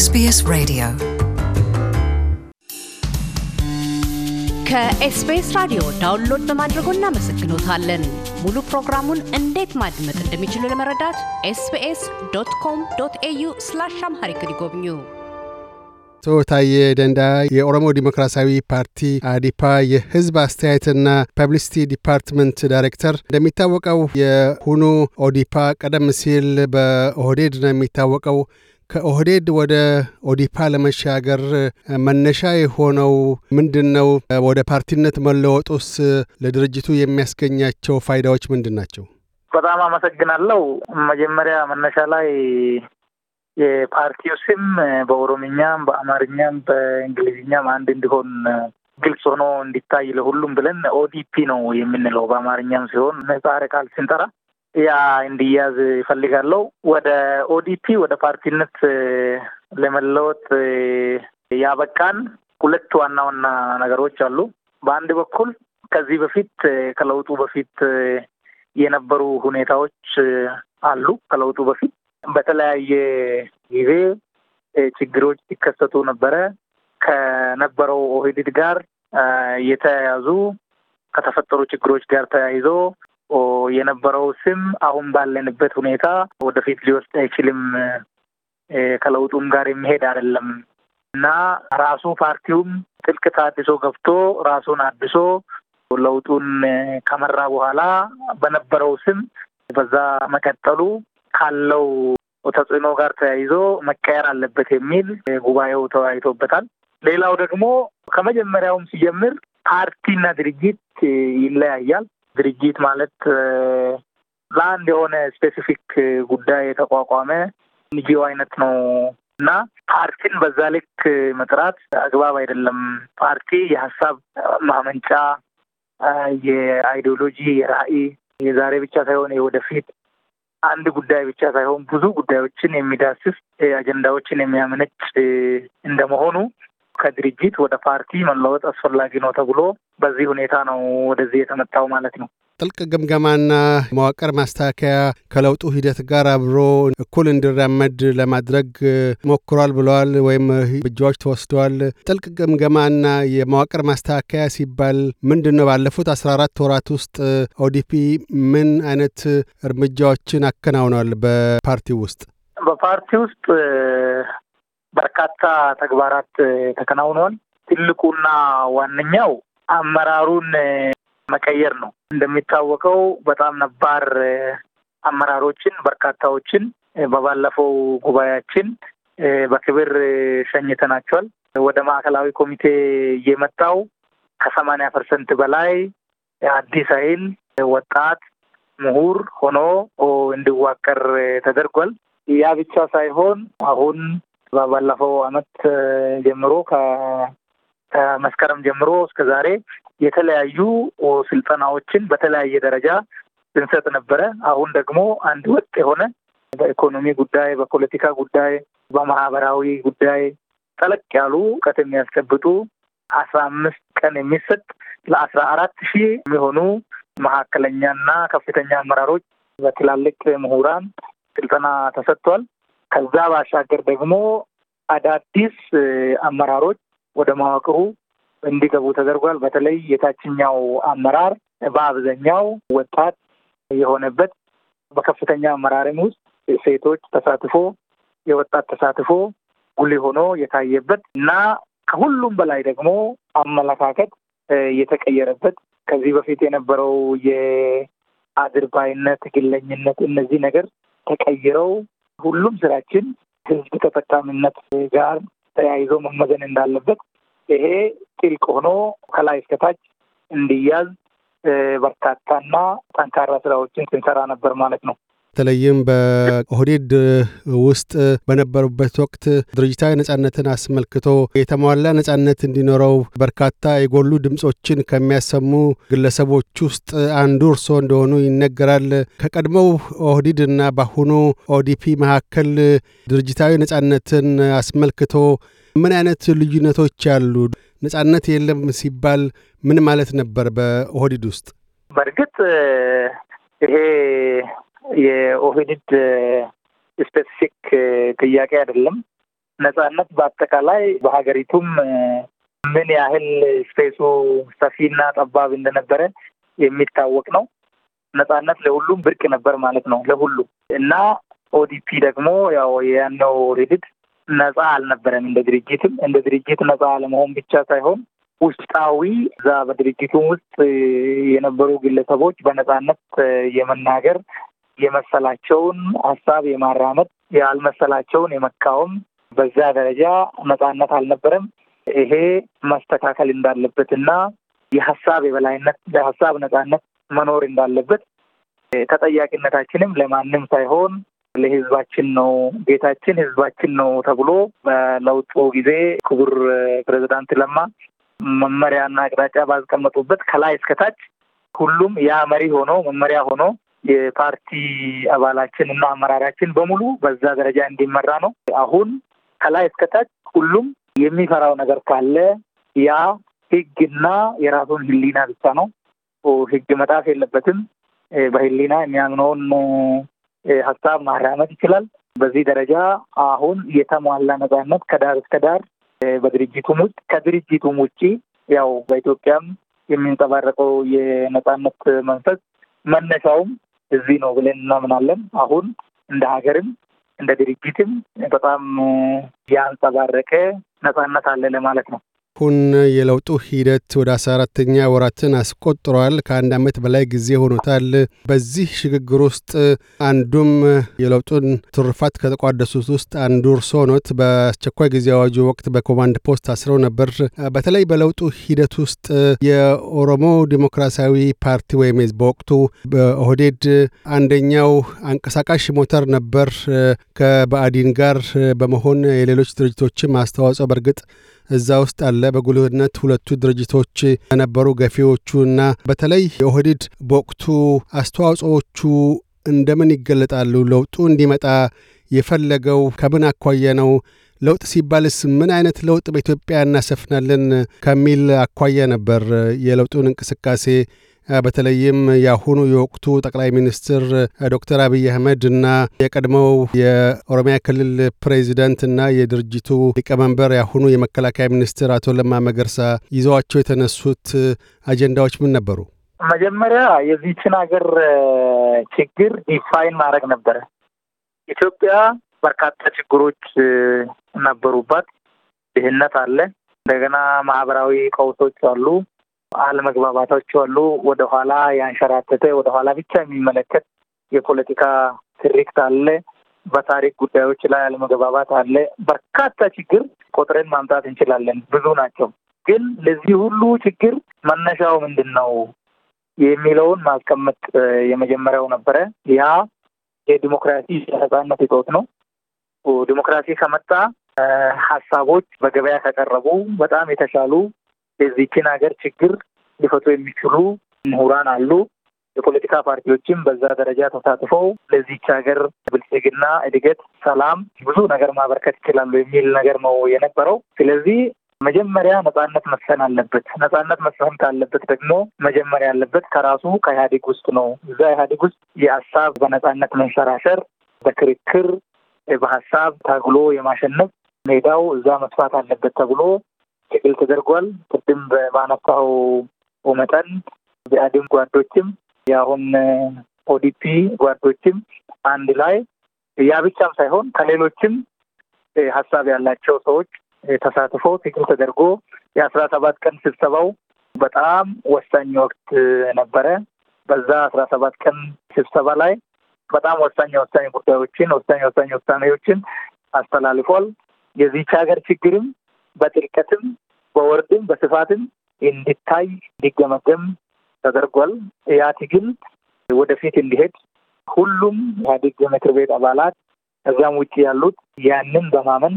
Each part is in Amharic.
ኤስቢኤስ ሬዲዮ ከኤስቢኤስ ራዲዮ ዳውንሎድ በማድረጎ እናመሰግኖታለን። ሙሉ ፕሮግራሙን እንዴት ማድመጥ እንደሚችሉ ለመረዳት ኤስቢኤስ ዶት ኮም ዶት ኤዩ ስላሽ አምሃሪክ ይጎብኙ። አቶ ታዬ ደንዳ የኦሮሞ ዲሞክራሲያዊ ፓርቲ አዲፓ የህዝብ አስተያየትና ፐብሊሲቲ ዲፓርትመንት ዳይሬክተር። እንደሚታወቀው የሁኑ ኦዲፓ ቀደም ሲል በኦህዴድ ነው የሚታወቀው። ከኦህዴድ ወደ ኦዲፓ ለመሻገር መነሻ የሆነው ምንድን ነው? ወደ ፓርቲነት መለወጡስ ለድርጅቱ የሚያስገኛቸው ፋይዳዎች ምንድን ናቸው? በጣም አመሰግናለሁ። መጀመሪያ መነሻ ላይ የፓርቲው ስም በኦሮምኛም በአማርኛም በእንግሊዝኛም አንድ እንዲሆን ግልጽ ሆኖ እንዲታይ ለሁሉም ብለን ኦዲፒ ነው የምንለው በአማርኛም ሲሆን ምህጻረ ቃል ስንጠራ ያ እንዲያዝ ይፈልጋለው። ወደ ኦዲፒ ወደ ፓርቲነት ለመለወጥ ያበቃን ሁለት ዋና ዋና ነገሮች አሉ። በአንድ በኩል ከዚህ በፊት ከለውጡ በፊት የነበሩ ሁኔታዎች አሉ። ከለውጡ በፊት በተለያየ ጊዜ ችግሮች ሲከሰቱ ነበረ። ከነበረው ኦህዴድ ጋር የተያያዙ ከተፈጠሩ ችግሮች ጋር ተያይዞ የነበረው ስም አሁን ባለንበት ሁኔታ ወደፊት ሊወስድ አይችልም፣ ከለውጡም ጋር የሚሄድ አይደለም እና ራሱ ፓርቲውም ጥልቅ ታድሶ ገብቶ ራሱን አድሶ ለውጡን ከመራ በኋላ በነበረው ስም በዛ መቀጠሉ ካለው ተጽዕኖ ጋር ተያይዞ መቀየር አለበት የሚል ጉባኤው ተወያይቶበታል። ሌላው ደግሞ ከመጀመሪያውም ሲጀምር ፓርቲና ድርጅት ይለያያል። ድርጅት ማለት ለአንድ የሆነ ስፔሲፊክ ጉዳይ የተቋቋመ ኤንጂኦ አይነት ነው እና ፓርቲን በዛ ልክ መጥራት አግባብ አይደለም። ፓርቲ የሀሳብ ማመንጫ፣ የአይዲዮሎጂ፣ የራዕይ የዛሬ ብቻ ሳይሆን የወደፊት አንድ ጉዳይ ብቻ ሳይሆን ብዙ ጉዳዮችን የሚዳስስ አጀንዳዎችን የሚያመነጭ እንደመሆኑ ከድርጅት ወደ ፓርቲ መለወጥ አስፈላጊ ነው ተብሎ በዚህ ሁኔታ ነው ወደዚህ የተመጣው ማለት ነው። ጥልቅ ግምገማና መዋቅር ማስተካከያ ከለውጡ ሂደት ጋር አብሮ እኩል እንዲራመድ ለማድረግ ሞክሯል ብለዋል ወይም እርምጃዎች ተወስደዋል። ጥልቅ ግምገማና የመዋቅር ማስተካከያ ሲባል ምንድን ነው? ባለፉት አስራ አራት ወራት ውስጥ ኦዲፒ ምን አይነት እርምጃዎችን አከናውኗል? በፓርቲ ውስጥ በፓርቲ ውስጥ በርካታ ተግባራት ተከናውነዋል። ትልቁና ዋነኛው አመራሩን መቀየር ነው። እንደሚታወቀው በጣም ነባር አመራሮችን በርካታዎችን በባለፈው ጉባኤያችን በክብር ሸኝተናቸዋል። ወደ ማዕከላዊ ኮሚቴ የመጣው ከሰማንያ ፐርሰንት በላይ አዲስ ኃይል ወጣት ምሁር ሆኖ እንዲዋቀር ተደርጓል። ያ ብቻ ሳይሆን አሁን ባለፈው አመት ጀምሮ ከመስከረም ጀምሮ እስከ ዛሬ የተለያዩ ስልጠናዎችን በተለያየ ደረጃ ስንሰጥ ነበረ። አሁን ደግሞ አንድ ወጥ የሆነ በኢኮኖሚ ጉዳይ፣ በፖለቲካ ጉዳይ፣ በማህበራዊ ጉዳይ ጠለቅ ያሉ እውቀት የሚያስጨብጡ አስራ አምስት ቀን የሚሰጥ ለአስራ አራት ሺህ የሚሆኑ መካከለኛና ከፍተኛ አመራሮች በትላልቅ ምሁራን ስልጠና ተሰጥቷል። ከዛ ባሻገር ደግሞ አዳዲስ አመራሮች ወደ መዋቅሩ እንዲገቡ ተደርጓል። በተለይ የታችኛው አመራር በአብዛኛው ወጣት የሆነበት በከፍተኛ አመራርም ውስጥ ሴቶች ተሳትፎ የወጣት ተሳትፎ ጉልህ ሆኖ የታየበት እና ከሁሉም በላይ ደግሞ አመለካከት የተቀየረበት ከዚህ በፊት የነበረው የአድርባይነት፣ ግለኝነት እነዚህ ነገር ተቀይረው ሁሉም ስራችን ህዝብ ተጠቃሚነት ጋር ተያይዞ መመዘን እንዳለበት ይሄ ጥልቅ ሆኖ ከላይ እስከታች እንዲያዝ በርካታና ጠንካራ ስራዎችን ስንሰራ ነበር ማለት ነው። በተለይም በኦህዴድ ውስጥ በነበሩበት ወቅት ድርጅታዊ ነጻነትን አስመልክቶ የተሟላ ነጻነት እንዲኖረው በርካታ የጎሉ ድምፆችን ከሚያሰሙ ግለሰቦች ውስጥ አንዱ እርሶ እንደሆኑ ይነገራል። ከቀድሞው ኦህዲድ እና በአሁኑ ኦዲፒ መካከል ድርጅታዊ ነጻነትን አስመልክቶ ምን አይነት ልዩነቶች አሉ? ነጻነት የለም ሲባል ምን ማለት ነበር በኦህዲድ ውስጥ? በእርግጥ ይሄ የኦህዴድ ስፔሲፊክ ጥያቄ አይደለም። ነጻነት በአጠቃላይ በሀገሪቱም ምን ያህል ስፔሱ ሰፊና ጠባብ እንደነበረ የሚታወቅ ነው። ነጻነት ለሁሉም ብርቅ ነበር ማለት ነው ለሁሉ እና ኦዲፒ ደግሞ ያው ያኛው ኦህዴድ ነጻ አልነበረም እንደ ድርጅትም እንደ ድርጅት ነጻ አለመሆን ብቻ ሳይሆን ውስጣዊ እዛ በድርጅቱ ውስጥ የነበሩ ግለሰቦች በነጻነት የመናገር የመሰላቸውን ሀሳብ የማራመድ ያልመሰላቸውን የመቃወም በዛ ደረጃ ነፃነት አልነበረም። ይሄ መስተካከል እንዳለበት እና የሀሳብ የበላይነት ለሀሳብ ነጻነት መኖር እንዳለበት ተጠያቂነታችንም ለማንም ሳይሆን ለህዝባችን ነው ቤታችን ህዝባችን ነው ተብሎ በለውጡ ጊዜ ክቡር ፕሬዚዳንት ለማ መመሪያና አቅጣጫ ባስቀመጡበት ከላይ እስከታች ሁሉም ያ መሪ ሆኖ መመሪያ ሆኖ የፓርቲ አባላችን እና አመራራችን በሙሉ በዛ ደረጃ እንዲመራ ነው። አሁን ከላይ እስከታች ሁሉም የሚፈራው ነገር ካለ ያ ህግና የራሱን ህሊና ብቻ ነው። ህግ መጣፍ የለበትም። በህሊና የሚያምነውን ሀሳብ ማራመድ ይችላል። በዚህ ደረጃ አሁን የተሟላ ነጻነት ከዳር እስከ ዳር በድርጅቱም ውስጥ ከድርጅቱም ውጭ ያው በኢትዮጵያም የሚንጸባረቀው የነጻነት መንፈስ መነሻውም እዚህ ነው ብለን እናምናለን። አሁን እንደ ሀገርም እንደ ድርጅትም በጣም ያንጸባረቀ ነጻነት አለ ለማለት ነው። አሁን የለውጡ ሂደት ወደ አስራ አራተኛ ወራትን አስቆጥሯል። ከአንድ ዓመት በላይ ጊዜ ሆኖታል። በዚህ ሽግግር ውስጥ አንዱም የለውጡን ትሩፋት ከተቋደሱት ውስጥ አንዱ እርስዎ ኖት። በአስቸኳይ ጊዜ አዋጁ ወቅት በኮማንድ ፖስት ታስረው ነበር። በተለይ በለውጡ ሂደት ውስጥ የኦሮሞ ዲሞክራሲያዊ ፓርቲ ወይም በወቅቱ በኦህዴድ አንደኛው አንቀሳቃሽ ሞተር ነበር። ከባዕዲን ጋር በመሆን የሌሎች ድርጅቶችም አስተዋጽኦ በእርግጥ እዛ ውስጥ አለ። በጉልህነት ሁለቱ ድርጅቶች የነበሩ ገፊዎቹ እና በተለይ የኦህዲድ በወቅቱ አስተዋጽዎቹ እንደምን ይገለጣሉ? ለውጡ እንዲመጣ የፈለገው ከምን አኳያ ነው? ለውጥ ሲባልስ ምን አይነት ለውጥ በኢትዮጵያ እናሰፍናለን ከሚል አኳያ ነበር የለውጡን እንቅስቃሴ በተለይም የአሁኑ የወቅቱ ጠቅላይ ሚኒስትር ዶክተር አብይ አህመድ እና የቀድሞው የኦሮሚያ ክልል ፕሬዚደንት እና የድርጅቱ ሊቀመንበር የአሁኑ የመከላከያ ሚኒስትር አቶ ለማ መገርሳ ይዘዋቸው የተነሱት አጀንዳዎች ምን ነበሩ? መጀመሪያ የዚችን ሀገር ችግር ዲፋይን ማድረግ ነበረ። ኢትዮጵያ በርካታ ችግሮች ነበሩባት። ድህነት አለ። እንደገና ማህበራዊ ቀውሶች አሉ። አለመግባባቶች አሉ። ወደኋላ ያንሸራተተ ወደኋላ ብቻ የሚመለከት የፖለቲካ ትርክት አለ። በታሪክ ጉዳዮች ላይ አለመግባባት አለ። በርካታ ችግር ቆጥረን ማምጣት እንችላለን። ብዙ ናቸው። ግን ለዚህ ሁሉ ችግር መነሻው ምንድን ነው የሚለውን ማስቀመጥ የመጀመሪያው ነበረ። ያ የዲሞክራሲ የነጻነት እጦት ነው። ዲሞክራሲ ከመጣ ሀሳቦች በገበያ ከቀረቡ በጣም የተሻሉ የዚችን ሀገር ችግር ሊፈቱ የሚችሉ ምሁራን አሉ። የፖለቲካ ፓርቲዎችም በዛ ደረጃ ተሳትፈው ለዚች ሀገር ብልጽግና፣ እድገት፣ ሰላም ብዙ ነገር ማበርከት ይችላሉ የሚል ነገር ነው የነበረው። ስለዚህ መጀመሪያ ነጻነት መስፈን አለበት። ነጻነት መስፈን ካለበት ደግሞ መጀመሪያ ያለበት ከራሱ ከኢህአዴግ ውስጥ ነው። እዛ ኢህአዴግ ውስጥ የሀሳብ በነጻነት መንሸራሸር፣ በክርክር በሀሳብ ታግሎ የማሸነፍ ሜዳው እዛ መስፋት አለበት ተብሎ ትግል ተደርጓል። ቅድም በማነሳው መጠን የአድም ጓዶችም የአሁን ኦዲፒ ጓዶችም አንድ ላይ ያ ብቻም ሳይሆን ከሌሎችም ሀሳብ ያላቸው ሰዎች ተሳትፎ ትግል ተደርጎ የአስራ ሰባት ቀን ስብሰባው በጣም ወሳኝ ወቅት ነበረ። በዛ አስራ ሰባት ቀን ስብሰባ ላይ በጣም ወሳኝ ወሳኝ ጉዳዮችን ወሳኝ ወሳኝ ውሳኔዎችን አስተላልፏል። የዚች ሀገር ችግርም በጥልቀትም በወርድም በስፋትም እንዲታይ እንዲገመገም ተደርጓል። ያ ትግል ወደፊት እንዲሄድ ሁሉም ኢህአዴግ የምክር ቤት አባላት ከዚያም ውጭ ያሉት ያንን በማመን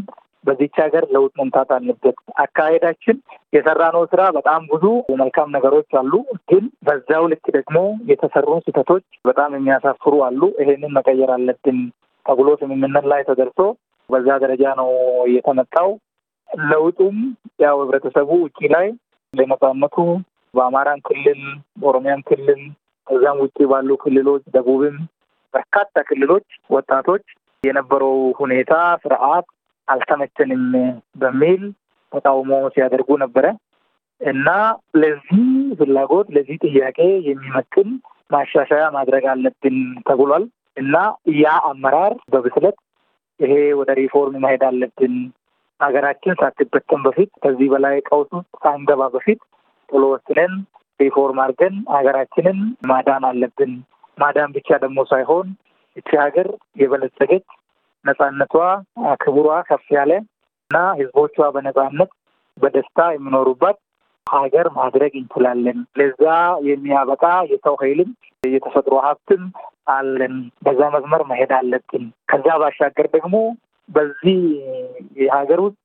በዚች ሀገር ለውጥ መምታት አለበት። አካሄዳችን የሰራነው ስራ በጣም ብዙ መልካም ነገሮች አሉ፣ ግን በዛው ልክ ደግሞ የተሰሩ ስህተቶች በጣም የሚያሳፍሩ አሉ። ይሄንን መቀየር አለብን ተብሎ ስምምነት ላይ ተደርሶ በዛ ደረጃ ነው የተመጣው። ለውጡም ያው ህብረተሰቡ ውጭ ላይ ለነጻነቱ በአማራን ክልል በኦሮሚያም ክልል ከዚያም ውጭ ባሉ ክልሎች ደቡብም በርካታ ክልሎች ወጣቶች የነበረው ሁኔታ ስርዓት አልተመቸንም በሚል ተቃውሞ ሲያደርጉ ነበረ እና ለዚህ ፍላጎት ለዚህ ጥያቄ የሚመጥን ማሻሻያ ማድረግ አለብን ተብሏል እና ያ አመራር በብስለት ይሄ ወደ ሪፎርም መሄድ አለብን ሀገራችን ሳትበተን በፊት ከዚህ በላይ ቀውሱ ሳንገባ በፊት ቶሎ ወስነን ሪፎርም አድርገን ሀገራችንን ማዳን አለብን። ማዳን ብቻ ደግሞ ሳይሆን እቺ ሀገር የበለጸገች ነጻነቷ ክብሯ ከፍ ያለ እና ህዝቦቿ በነጻነት በደስታ የሚኖሩባት ሀገር ማድረግ እንችላለን። ለዛ የሚያበቃ የሰው ኃይልም የተፈጥሮ ሀብትም አለን። በዛ መስመር መሄድ አለብን። ከዛ ባሻገር ደግሞ በዚህ የሀገር ውስጥ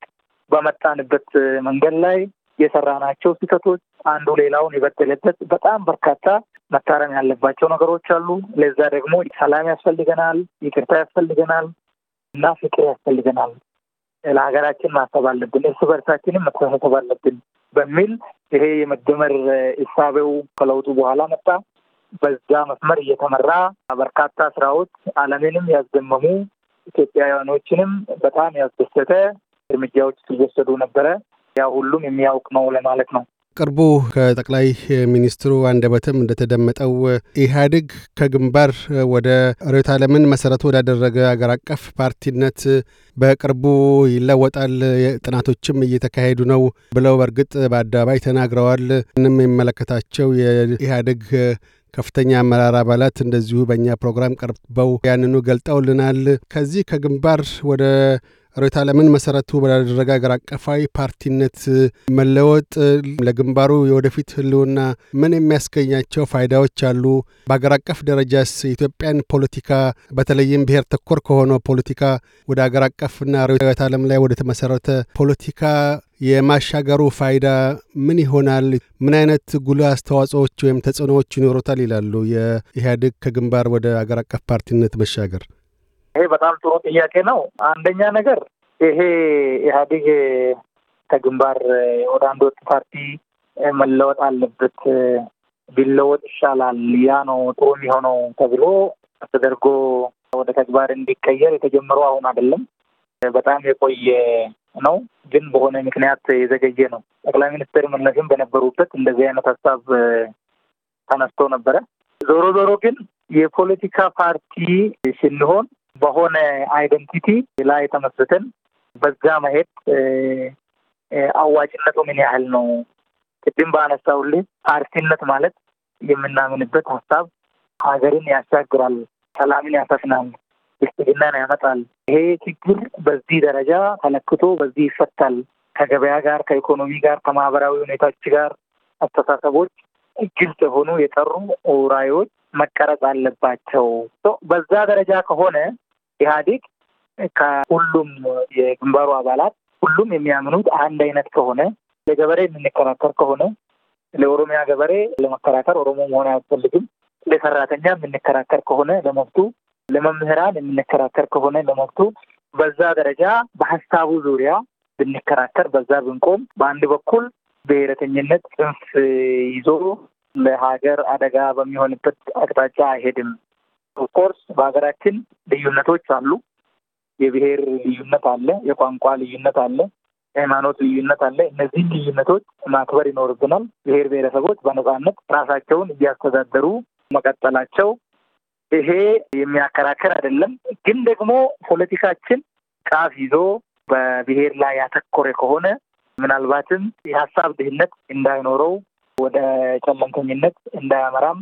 በመጣንበት መንገድ ላይ የሰራናቸው ስህተቶች አንዱ ሌላውን የበደለበት በጣም በርካታ መታረም ያለባቸው ነገሮች አሉ። ለዛ ደግሞ ሰላም ያስፈልገናል፣ ይቅርታ ያስፈልገናል እና ፍቅር ያስፈልገናል። ለሀገራችን ማሰብ አለብን፣ እርስ በርሳችንም መተሳሰብ አለብን በሚል ይሄ የመደመር እሳቤው ከለውጡ በኋላ መጣ። በዛ መስመር እየተመራ በርካታ ስራዎች አለምንም ያስደመሙ ኢትዮጵያውያኖችንም በጣም ያስደሰተ እርምጃዎች ሲወሰዱ ነበረ። ያ ሁሉም የሚያውቅ ነው ለማለት ነው። ቅርቡ ከጠቅላይ ሚኒስትሩ አንደበትም እንደተደመጠው ኢህአዴግ ከግንባር ወደ ርዕዮተ ዓለምን መሰረቱ ወዳደረገ አገር አቀፍ ፓርቲነት በቅርቡ ይለወጣል፣ ጥናቶችም እየተካሄዱ ነው ብለው በእርግጥ በአደባባይ ተናግረዋል። ንም የሚመለከታቸው የኢህአዴግ ከፍተኛ አመራር አባላት እንደዚሁ በእኛ ፕሮግራም ቀርበው ያንኑ ገልጠውልናል። ከዚህ ከግንባር ወደ ሬታ ለምን መሰረቱ ወዳደረገ አገር አቀፋዊ ፓርቲነት መለወጥ ለግንባሩ የወደፊት ህልውና ምን የሚያስገኛቸው ፋይዳዎች አሉ? በአገር አቀፍ ደረጃስ የኢትዮጵያን ፖለቲካ በተለይም ብሔር ተኮር ከሆነው ፖለቲካ ወደ አገር አቀፍና ርዕዮተ ዓለም ላይ ወደ ተመሰረተ ፖለቲካ የማሻገሩ ፋይዳ ምን ይሆናል? ምን አይነት ጉልህ አስተዋጽኦዎች ወይም ተጽዕኖዎች ይኖሩታል? ይላሉ የኢህአዴግ ከግንባር ወደ አገር አቀፍ ፓርቲነት መሻገር ይሄ በጣም ጥሩ ጥያቄ ነው። አንደኛ ነገር ይሄ ኢህአዴግ ከግንባር ወደ አንድ ወጥ ፓርቲ መለወጥ አለበት፣ ቢለወጥ ይሻላል፣ ያ ነው ጥሩ የሚሆነው ተብሎ ተደርጎ ወደ ተግባር እንዲቀየር የተጀመረው አሁን አይደለም፣ በጣም የቆየ ነው። ግን በሆነ ምክንያት የዘገየ ነው። ጠቅላይ ሚኒስትር መለስም በነበሩበት እንደዚህ አይነት ሀሳብ ተነስቶ ነበረ። ዞሮ ዞሮ ግን የፖለቲካ ፓርቲ ስንሆን በሆነ አይደንቲቲ ላይ ተመስርተን በዛ መሄድ አዋጭነቱ ምን ያህል ነው? ቅድም በአነሳሁልህ ፓርቲነት ማለት የምናምንበት ሀሳብ ሀገርን ያሻግራል፣ ሰላምን ያሰፍናል፣ ብልጽግናን ያመጣል። ይሄ ችግር በዚህ ደረጃ ተለክቶ በዚህ ይፈታል፣ ከገበያ ጋር፣ ከኢኮኖሚ ጋር፣ ከማህበራዊ ሁኔታዎች ጋር አስተሳሰቦች ግልጽ የሆኑ የጠሩ ራዕዮች መቀረጽ አለባቸው። በዛ ደረጃ ከሆነ ኢህአዴግ ከሁሉም የግንባሩ አባላት ሁሉም የሚያምኑት አንድ አይነት ከሆነ ለገበሬ የምንከራከር ከሆነ ለኦሮሚያ ገበሬ ለመከራከር ኦሮሞ መሆን አያስፈልግም። ለሰራተኛ የምንከራከር ከሆነ ለመብቱ፣ ለመምህራን የምንከራከር ከሆነ ለመብቱ፣ በዛ ደረጃ በሀሳቡ ዙሪያ ብንከራከር በዛ ብንቆም፣ በአንድ በኩል ብሔረተኝነት ጽንፍ ይዞ ለሀገር አደጋ በሚሆንበት አቅጣጫ አይሄድም ኦፍኮርስ በሀገራችን ልዩነቶች አሉ። የብሔር ልዩነት አለ፣ የቋንቋ ልዩነት አለ፣ የሃይማኖት ልዩነት አለ። እነዚህን ልዩነቶች ማክበር ይኖርብናል። ብሔር ብሔረሰቦች በነፃነት ራሳቸውን እያስተዳደሩ መቀጠላቸው ይሄ የሚያከራከር አይደለም። ግን ደግሞ ፖለቲካችን ጫፍ ይዞ በብሔር ላይ ያተኮረ ከሆነ ምናልባትም የሀሳብ ድህነት እንዳይኖረው ወደ ጨለምተኝነት እንዳያመራም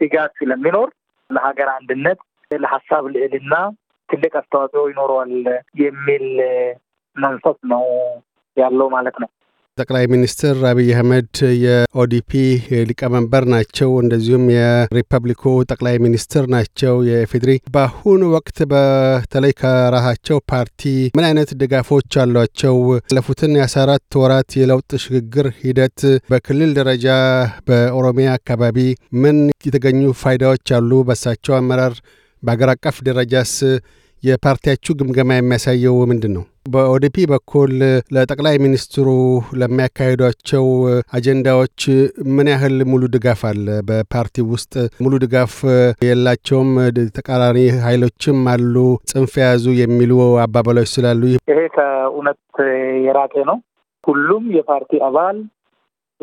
ስጋት ስለሚኖር ለሀገር አንድነት፣ ለሀሳብ ልዕልና ትልቅ አስተዋጽኦ ይኖረዋል የሚል መንፈስ ነው ያለው ማለት ነው። ጠቅላይ ሚኒስትር አብይ አህመድ የኦዲፒ ሊቀመንበር ናቸው፣ እንደዚሁም የሪፐብሊኩ ጠቅላይ ሚኒስትር ናቸው የኢፌዴሪ። በአሁኑ ወቅት በተለይ ከራሳቸው ፓርቲ ምን አይነት ድጋፎች አሏቸው? ያለፉትን የአስራ አራት ወራት የለውጥ ሽግግር ሂደት በክልል ደረጃ በኦሮሚያ አካባቢ ምን የተገኙ ፋይዳዎች አሉ በሳቸው አመራር? በአገር አቀፍ ደረጃስ የፓርቲያችሁ ግምገማ የሚያሳየው ምንድን ነው? በኦዲፒ በኩል ለጠቅላይ ሚኒስትሩ ለሚያካሂዷቸው አጀንዳዎች ምን ያህል ሙሉ ድጋፍ አለ? በፓርቲ ውስጥ ሙሉ ድጋፍ የላቸውም፣ ተቃራኒ ኃይሎችም አሉ፣ ጽንፍ የያዙ የሚሉ አባባሎች ስላሉ ይሄ ከእውነት የራቀ ነው። ሁሉም የፓርቲ አባል፣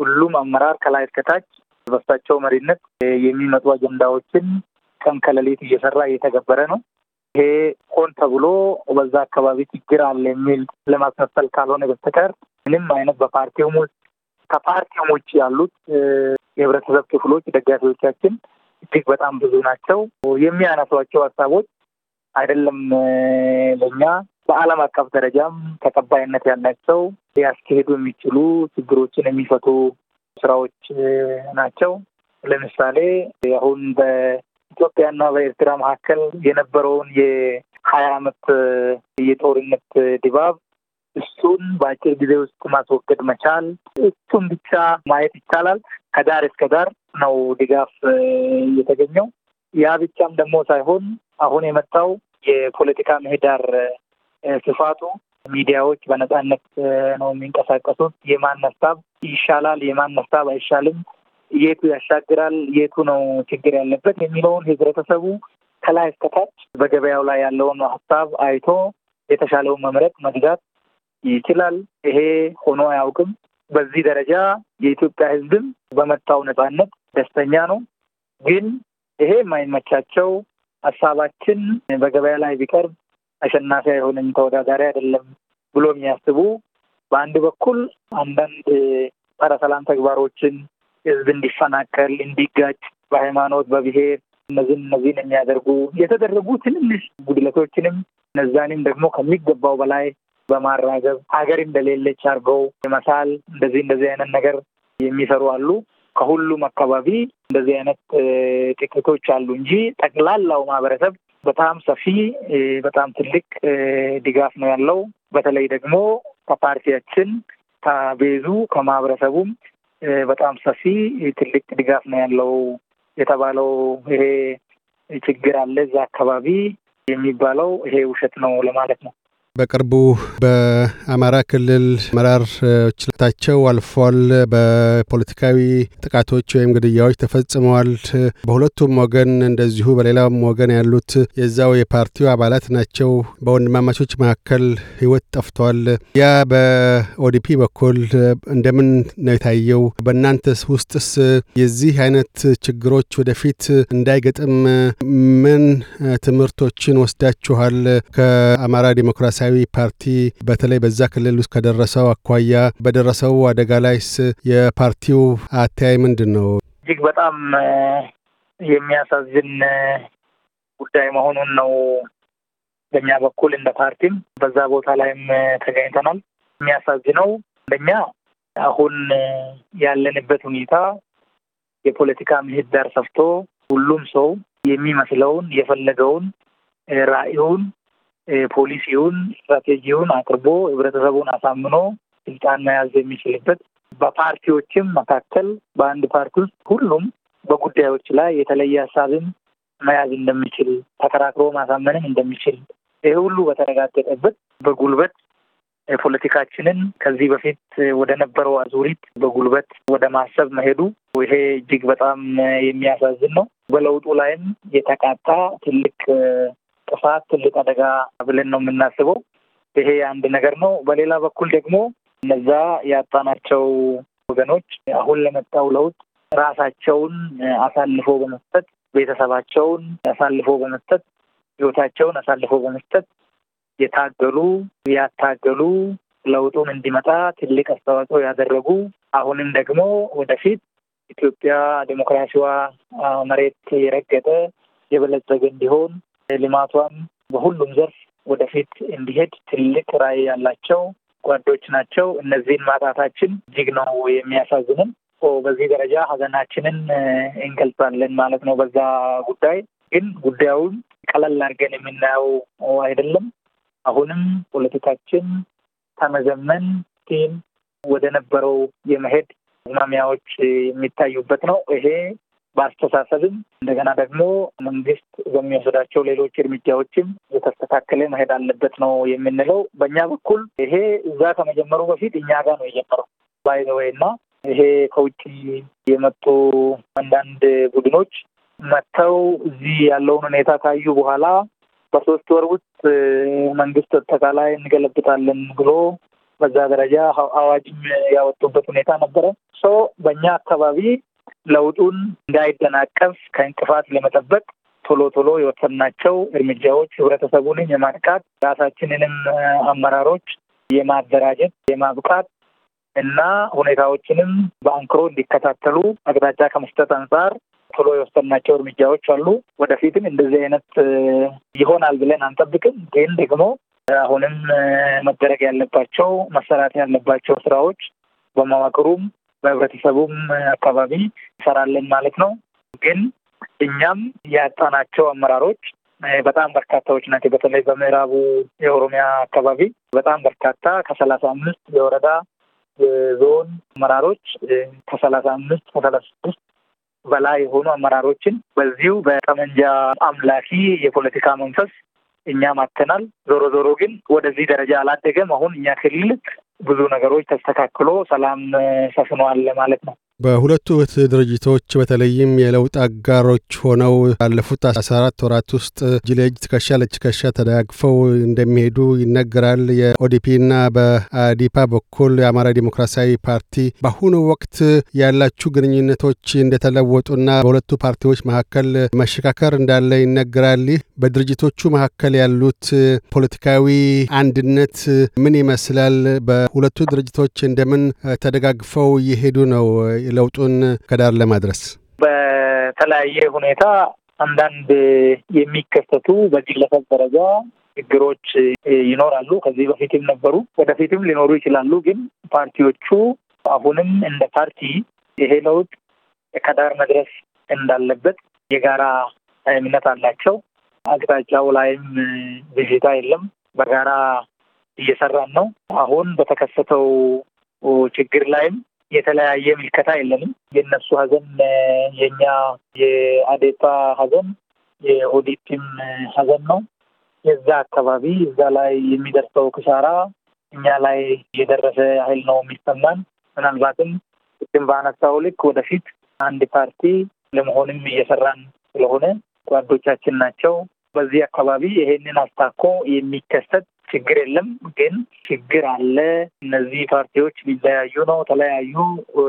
ሁሉም አመራር ከላይ እስከታች በሳቸው መሪነት የሚመጡ አጀንዳዎችን ቀን ከሌሊት እየሰራ እየተገበረ ነው። ይሄ ሆን ተብሎ በዛ አካባቢ ችግር አለ የሚል ለማስመሰል ካልሆነ በስተቀር ምንም አይነት በፓርቲውም ውስጥ ከፓርቲውም ውጭ ያሉት የህብረተሰብ ክፍሎች ደጋፊዎቻችን እጅግ በጣም ብዙ ናቸው። የሚያነሷቸው ሀሳቦች አይደለም ለኛ በዓለም አቀፍ ደረጃም ተቀባይነት ያላቸው ሊያስኬሄዱ የሚችሉ ችግሮችን የሚፈቱ ስራዎች ናቸው። ለምሳሌ አሁን በ ኢትዮጵያና በኤርትራ መካከል የነበረውን የሀያ አመት የጦርነት ድባብ እሱን በአጭር ጊዜ ውስጥ ማስወገድ መቻል እሱን ብቻ ማየት ይቻላል። ከዳር እስከ ዳር ነው ድጋፍ የተገኘው። ያ ብቻም ደግሞ ሳይሆን አሁን የመጣው የፖለቲካ ምህዳር ስፋቱ ሚዲያዎች በነጻነት ነው የሚንቀሳቀሱት። የማን ሀሳብ ይሻላል፣ የማን ሀሳብ አይሻልም የቱ ያሻግራል፣ የቱ ነው ችግር ያለበት የሚለውን ህብረተሰቡ ከላይ እስከታች በገበያው ላይ ያለውን ሀሳብ አይቶ የተሻለውን መምረጥ መግዛት ይችላል። ይሄ ሆኖ አያውቅም። በዚህ ደረጃ የኢትዮጵያ ህዝብም በመጣው ነጻነት ደስተኛ ነው። ግን ይሄ የማይመቻቸው ሀሳባችን በገበያ ላይ ቢቀርብ አሸናፊ አይሆንም፣ ተወዳዳሪ አይደለም ብሎ የሚያስቡ በአንድ በኩል አንዳንድ ጸረ ሰላም ተግባሮችን ህዝብ እንዲፈናቀል፣ እንዲጋጭ በሃይማኖት በብሔር እነዚህን እነዚህን የሚያደርጉ የተደረጉ ትንንሽ ጉድለቶችንም እነዛንም ደግሞ ከሚገባው በላይ በማራገብ ሀገር እንደሌለች አድርገው መሳል እንደዚህ እንደዚህ አይነት ነገር የሚሰሩ አሉ። ከሁሉም አካባቢ እንደዚህ አይነት ጥቂቶች አሉ እንጂ ጠቅላላው ማህበረሰብ በጣም ሰፊ በጣም ትልቅ ድጋፍ ነው ያለው። በተለይ ደግሞ ከፓርቲያችን ከቤዙ ከማህበረሰቡም በጣም ሰፊ ትልቅ ድጋፍ ነው ያለው የተባለው ይሄ ችግር አለ እዛ አካባቢ የሚባለው ይሄ ውሸት ነው ለማለት ነው። በቅርቡ በአማራ ክልል አመራሮቻቸው አልፏል፣ በፖለቲካዊ ጥቃቶች ወይም ግድያዎች ተፈጽመዋል። በሁለቱም ወገን እንደዚሁ በሌላም ወገን ያሉት የዛው የፓርቲው አባላት ናቸው። በወንድማማቾች መካከል ህይወት ጠፍቷል። ያ በኦዲፒ በኩል እንደምን ነው የታየው? በእናንተ ውስጥስ የዚህ አይነት ችግሮች ወደፊት እንዳይገጥም ምን ትምህርቶችን ወስዳችኋል? ከአማራ ዲሞክራሲ ዲሞክራሲያዊ ፓርቲ በተለይ በዛ ክልል ውስጥ ከደረሰው አኳያ በደረሰው አደጋ ላይስ የፓርቲው አተያይ ምንድን ነው? እጅግ በጣም የሚያሳዝን ጉዳይ መሆኑን ነው። በእኛ በኩል እንደ ፓርቲም በዛ ቦታ ላይም ተገኝተናል። የሚያሳዝነው አንደኛ አሁን ያለንበት ሁኔታ የፖለቲካ ምህዳር ሰፍቶ ሁሉም ሰው የሚመስለውን የፈለገውን ራዕዩን ፖሊሲውን ስትራቴጂውን አቅርቦ ህብረተሰቡን አሳምኖ ስልጣን መያዝ የሚችልበት በፓርቲዎችም መካከል በአንድ ፓርቲ ውስጥ ሁሉም በጉዳዮች ላይ የተለየ ሀሳብን መያዝ እንደሚችል ተከራክሮ ማሳመንን እንደሚችል ይህ ሁሉ በተረጋገጠበት በጉልበት ፖለቲካችንን ከዚህ በፊት ወደ ነበረው አዙሪት በጉልበት ወደ ማሰብ መሄዱ ይሄ እጅግ በጣም የሚያሳዝን ነው። በለውጡ ላይም የተቃጣ ትልቅ ጥፋት ትልቅ አደጋ ብለን ነው የምናስበው። ይሄ አንድ ነገር ነው። በሌላ በኩል ደግሞ እነዛ ያጣናቸው ወገኖች አሁን ለመጣው ለውጥ ራሳቸውን አሳልፎ በመስጠት ቤተሰባቸውን አሳልፎ በመስጠት ህይወታቸውን አሳልፎ በመስጠት የታገሉ ያታገሉ ለውጡም እንዲመጣ ትልቅ አስተዋጽኦ ያደረጉ አሁንም ደግሞ ወደፊት ኢትዮጵያ ዴሞክራሲዋ መሬት የረገጠ የበለጸገ እንዲሆን ልማቷም በሁሉም ዘርፍ ወደፊት እንዲሄድ ትልቅ ራዕይ ያላቸው ጓዶች ናቸው። እነዚህን ማጣታችን እጅግ ነው የሚያሳዝንን። በዚህ ደረጃ ሀዘናችንን እንገልጻለን ማለት ነው። በዛ ጉዳይ ግን ጉዳዩን ቀለል አድርገን የምናየው አይደለም። አሁንም ፖለቲካችን ተመዘመን ቲም ወደ ነበረው የመሄድ አዝማሚያዎች የሚታዩበት ነው። ይሄ በአስተሳሰብም እንደገና ደግሞ መንግስት በሚወስዳቸው ሌሎች እርምጃዎችም የተስተካከለ መሄድ አለበት ነው የምንለው። በእኛ በኩል ይሄ እዛ ከመጀመሩ በፊት እኛ ጋር ነው የጀመረው ባይዘወይ እና ይሄ ከውጭ የመጡ አንዳንድ ቡድኖች መጥተው እዚህ ያለውን ሁኔታ ካዩ በኋላ በሶስት ወር ውስጥ መንግስት አጠቃላይ እንገለብጣለን ብሎ በዛ ደረጃ አዋጅም ያወጡበት ሁኔታ ነበረ። ሶ በእኛ አካባቢ ለውጡን እንዳይደናቀፍ ከእንቅፋት ለመጠበቅ ቶሎ ቶሎ የወሰድናቸው እርምጃዎች ህብረተሰቡንም የማንቃት ራሳችንንም አመራሮች የማደራጀት የማብቃት እና ሁኔታዎችንም በአንክሮ እንዲከታተሉ አቅጣጫ ከመስጠት አንጻር ቶሎ የወሰድናቸው እርምጃዎች አሉ። ወደፊትም እንደዚህ አይነት ይሆናል ብለን አንጠብቅም። ግን ደግሞ አሁንም መደረግ ያለባቸው መሰራት ያለባቸው ስራዎች በመዋቅሩም በህብረተሰቡም አካባቢ እንሰራለን ማለት ነው። ግን እኛም ያጣናቸው አመራሮች በጣም በርካታዎች ናቸው። በተለይ በምዕራቡ የኦሮሚያ አካባቢ በጣም በርካታ ከሰላሳ አምስት የወረዳ ዞን አመራሮች ከሰላሳ አምስት ከሰላሳ ስድስት በላይ የሆኑ አመራሮችን በዚሁ በጠመንጃ አምላኪ የፖለቲካ መንፈስ እኛ ማተናል። ዞሮ ዞሮ ግን ወደዚህ ደረጃ አላደገም። አሁን እኛ ክልል ብዙ ነገሮች ተስተካክሎ ሰላም ሰፍነዋል ማለት ነው። በሁለቱ እህት ድርጅቶች በተለይም የለውጥ አጋሮች ሆነው ባለፉት አስራ አራት ወራት ውስጥ እጅ ለእጅ ትከሻ ለትከሻ ተደጋግፈው እንደሚሄዱ ይነገራል። የኦዲፒና በአዲፓ በኩል የአማራ ዲሞክራሲያዊ ፓርቲ በአሁኑ ወቅት ያላችሁ ግንኙነቶች እንደተለወጡና በሁለቱ ፓርቲዎች መካከል መሸካከር እንዳለ ይነገራል። ይህ በድርጅቶቹ መካከል ያሉት ፖለቲካዊ አንድነት ምን ይመስላል? በሁለቱ ድርጅቶች እንደምን ተደጋግፈው እየሄዱ ነው? ለውጡን ከዳር ለማድረስ? በተለያየ ሁኔታ አንዳንድ የሚከሰቱ በግለሰብ ደረጃ ችግሮች ይኖራሉ። ከዚህ በፊትም ነበሩ፣ ወደፊትም ሊኖሩ ይችላሉ። ግን ፓርቲዎቹ አሁንም እንደ ፓርቲ ይሄ ለውጥ ከዳር መድረስ እንዳለበት የጋራ እምነት አላቸው። አቅጣጫው ላይም ብዥታ የለም። በጋራ እየሰራን ነው። አሁን በተከሰተው ችግር ላይም የተለያየ ምልከታ የለንም። የእነሱ ሀዘን የእኛ የአዴፓ ሀዘን የኦዲፒም ሀዘን ነው። የዛ አካባቢ እዛ ላይ የሚደርሰው ክሳራ እኛ ላይ የደረሰ ያህል ነው የሚሰማን። ምናልባትም ቅድም በአነሳው ልክ ወደፊት አንድ ፓርቲ ለመሆንም እየሰራን ስለሆነ ጓዶቻችን ናቸው። በዚህ አካባቢ ይሄንን አስታኮ የሚከሰት ችግር የለም። ግን ችግር አለ፣ እነዚህ ፓርቲዎች ሊለያዩ ነው፣ ተለያዩ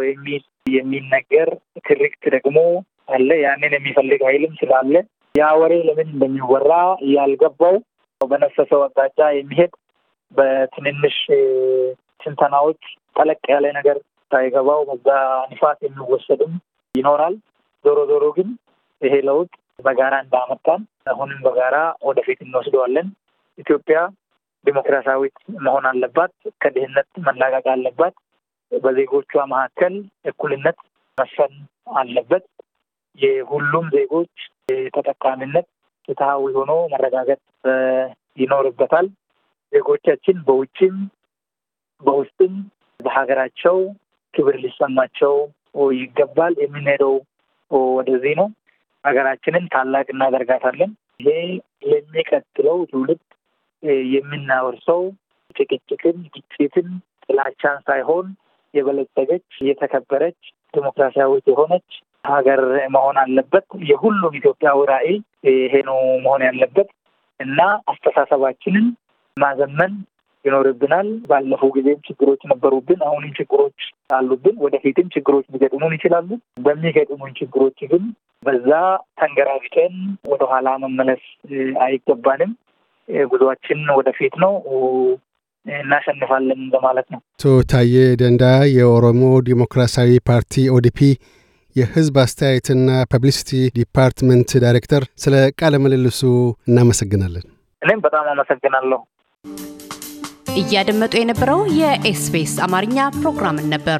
የሚል የሚነገር ትርክት ደግሞ አለ። ያንን የሚፈልግ ኃይልም ስላለ ያ ወሬ ለምን እንደሚወራ ያልገባው በነፈሰው አቅጣጫ የሚሄድ በትንንሽ ትንተናዎች ጠለቅ ያለ ነገር ሳይገባው በዛ ንፋት የሚወሰድም ይኖራል። ዞሮ ዞሮ ግን ይሄ ለውጥ በጋራ እንዳመጣን አሁንም በጋራ ወደፊት እንወስደዋለን። ኢትዮጵያ ዲሞክራሲያዊት መሆን አለባት። ከድህነት መላቀቅ አለባት። በዜጎቿ መካከል እኩልነት መስፈን አለበት። የሁሉም ዜጎች ተጠቃሚነት ፍትሐዊ ሆኖ መረጋገጥ ይኖርበታል። ዜጎቻችን በውጭም በውስጥም በሀገራቸው ክብር ሊሰማቸው ይገባል። የምንሄደው ወደዚህ ነው። ሀገራችንን ታላቅ እናደርጋታለን። ይሄ የሚቀጥለው ትውልድ የምናወርሰው ጭቅጭቅን፣ ግጭትን፣ ጥላቻን ሳይሆን የበለጸገች የተከበረች ዲሞክራሲያዊ የሆነች ሀገር መሆን አለበት። የሁሉም ኢትዮጵያዊ ራዕይ ይሄ ነው መሆን ያለበት እና አስተሳሰባችንን ማዘመን ይኖርብናል። ባለፈው ጊዜም ችግሮች ነበሩብን። አሁንም ችግሮች አሉብን። ወደፊትም ችግሮች ሊገጥሙን ይችላሉ። በሚገጥሙን ችግሮች ግን በዛ ተንገራግጠን ወደኋላ መመለስ አይገባንም። ጉዞአችን ወደፊት ነው እናሸንፋለን በማለት ነው። አቶ ታዬ ደንዳ የኦሮሞ ዲሞክራሲያዊ ፓርቲ ኦዲፒ የህዝብ አስተያየትና ፐብሊሲቲ ዲፓርትመንት ዳይሬክተር፣ ስለ ቃለ ምልልሱ እናመሰግናለን። እኔም በጣም አመሰግናለሁ። እያደመጡ የነበረው የኤስቢኤስ አማርኛ ፕሮግራምን ነበር።